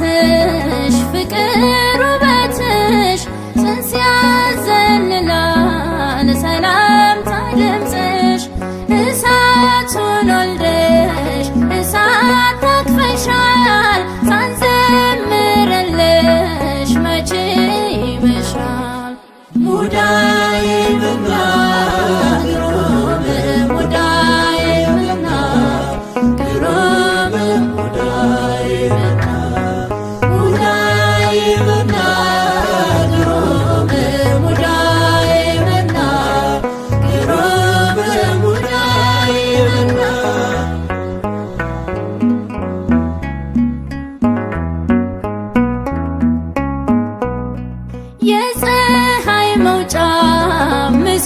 嘿。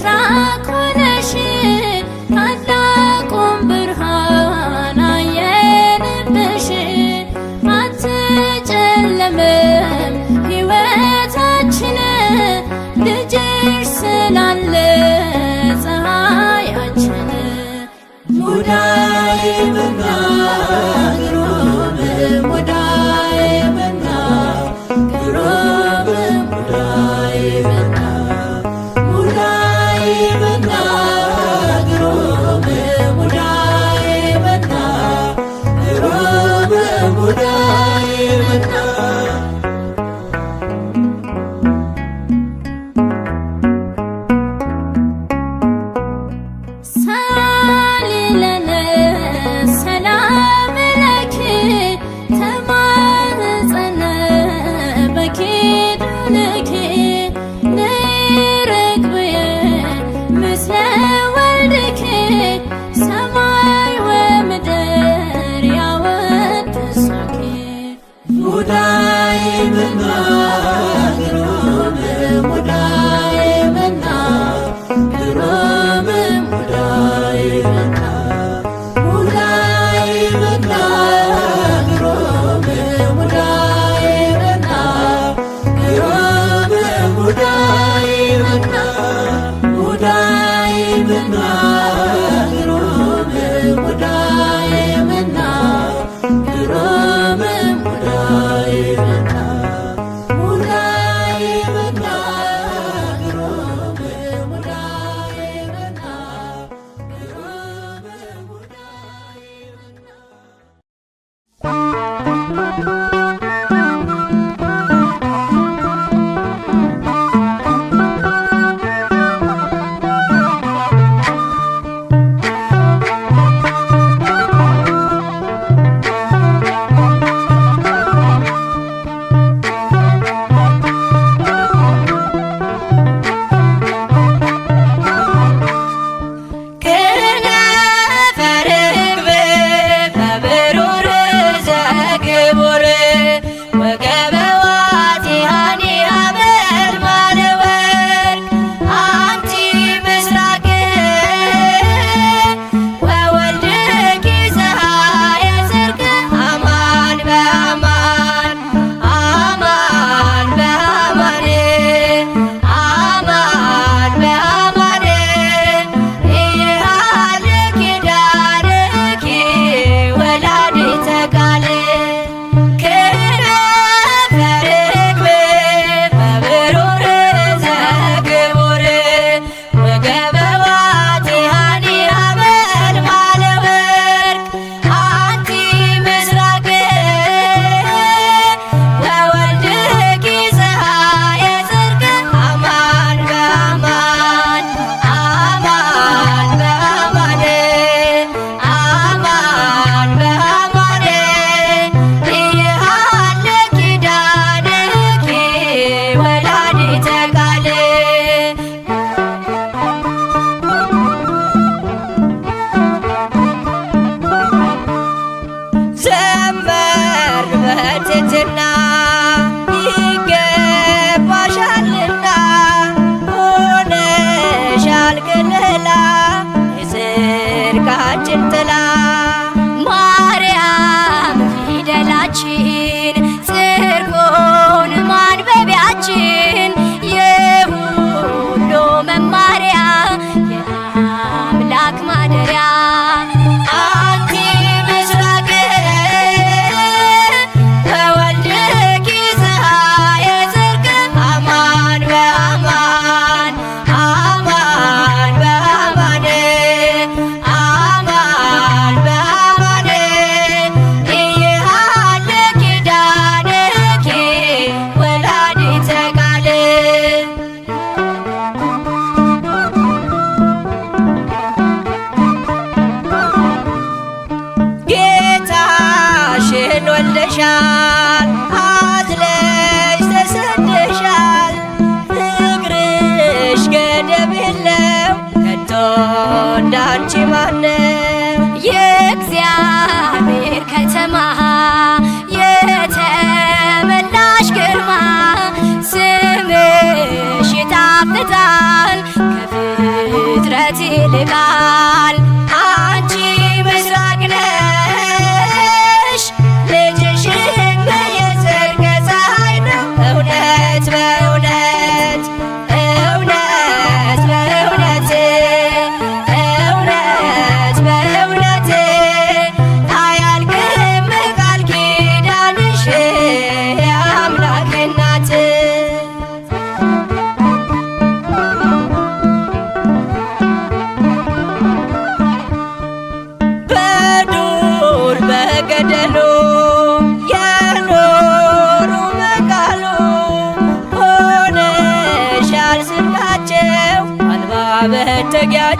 ምስራቅ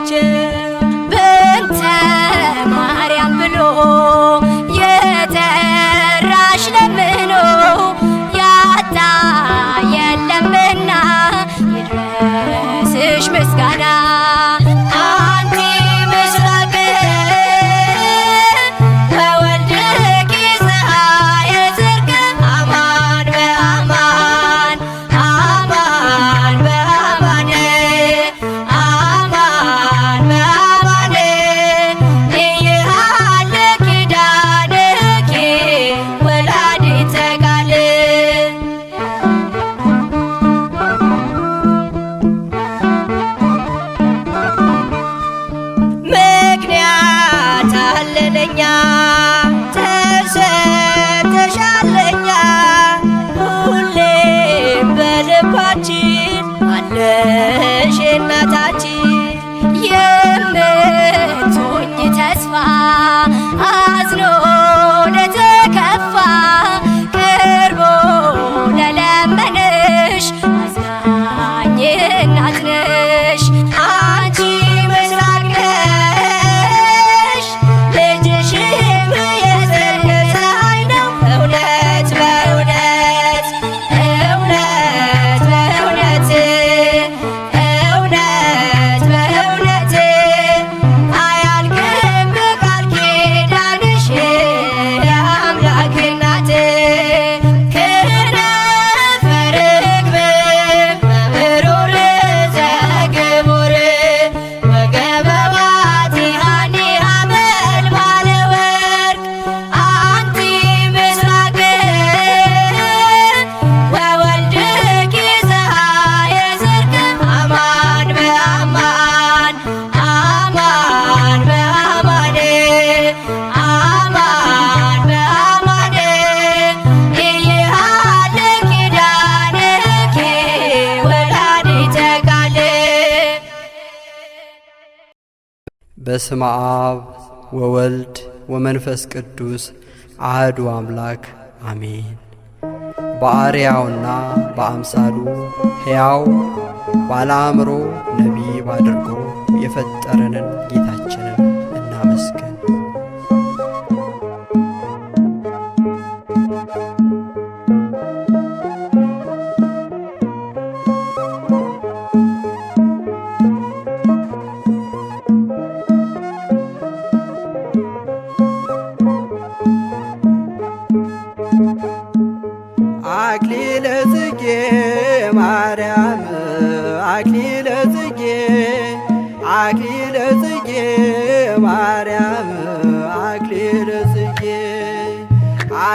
J. በስመ አብ ወወልድ ወመንፈስ ቅዱስ አህዱ አምላክ አሜን። በአርያውና በአምሳሉ ሕያው ባለአእምሮ ነቢብ አድርጎ የፈጠረንን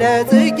ለጽጌ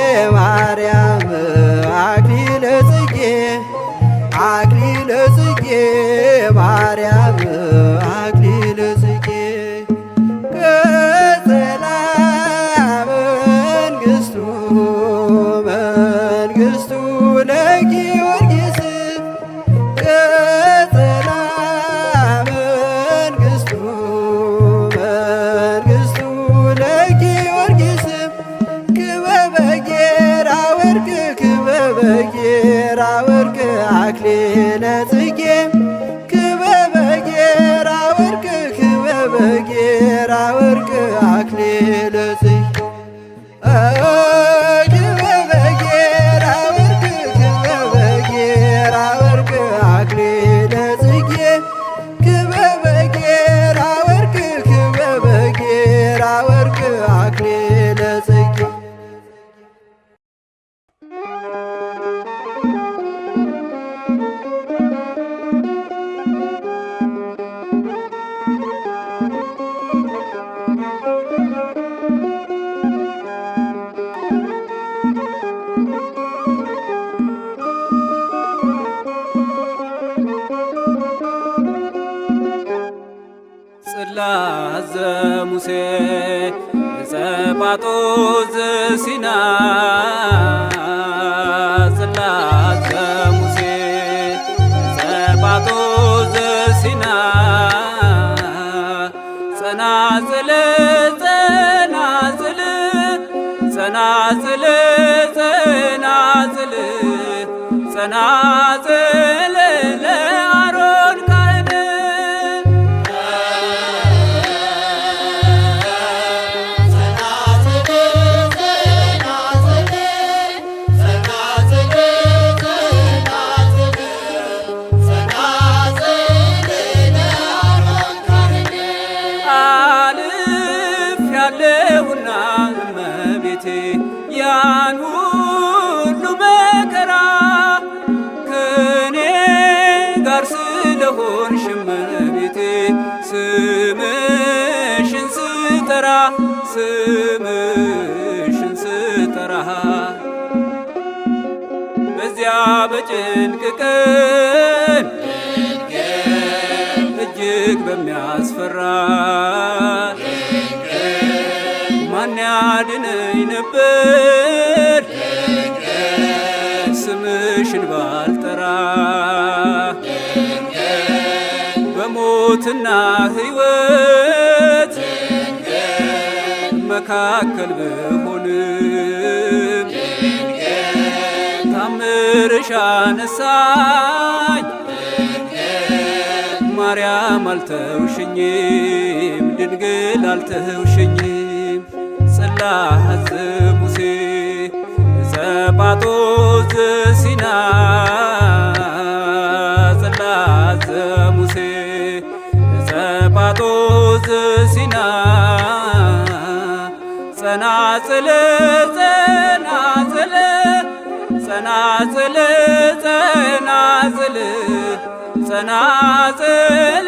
በጭንቅ ቀን እጅግ በሚያስፈራ ማን ያድነኝ ነበር ስምሽን ባልጠራ በሞትና ሕይወት መካከል ብሆን ፍቅርሽ አነሳኝ ማርያም አልተውሽኝም ድንግል አልተውሽኝም ጽላተ ሙሴ ዘጳጦስ ዘሲና ጽላተ ሙሴ ዘጳጦስ ዘሲና ጸናጽል ጸናጽል ጸናጽል ጸናጽል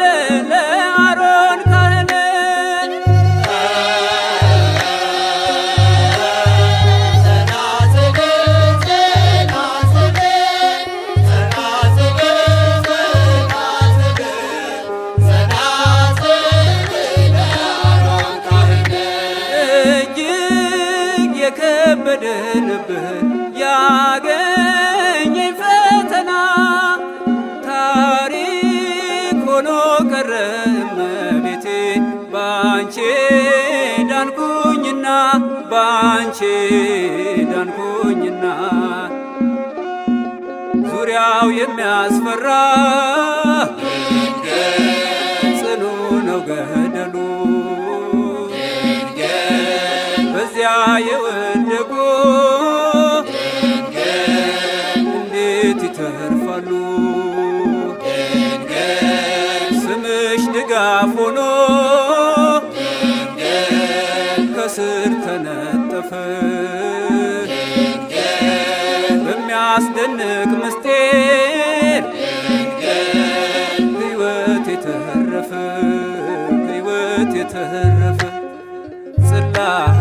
የሚያስፈራ ጽኑ ነው ገደሉ በዚያ የወደቁ እንዴት ይተርፋሉ? ስምሽ ድጋፍ ሆኖ ከስር ተነጠፈ በሚያስደንቅ ምስጢር olhar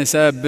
እንሰብህ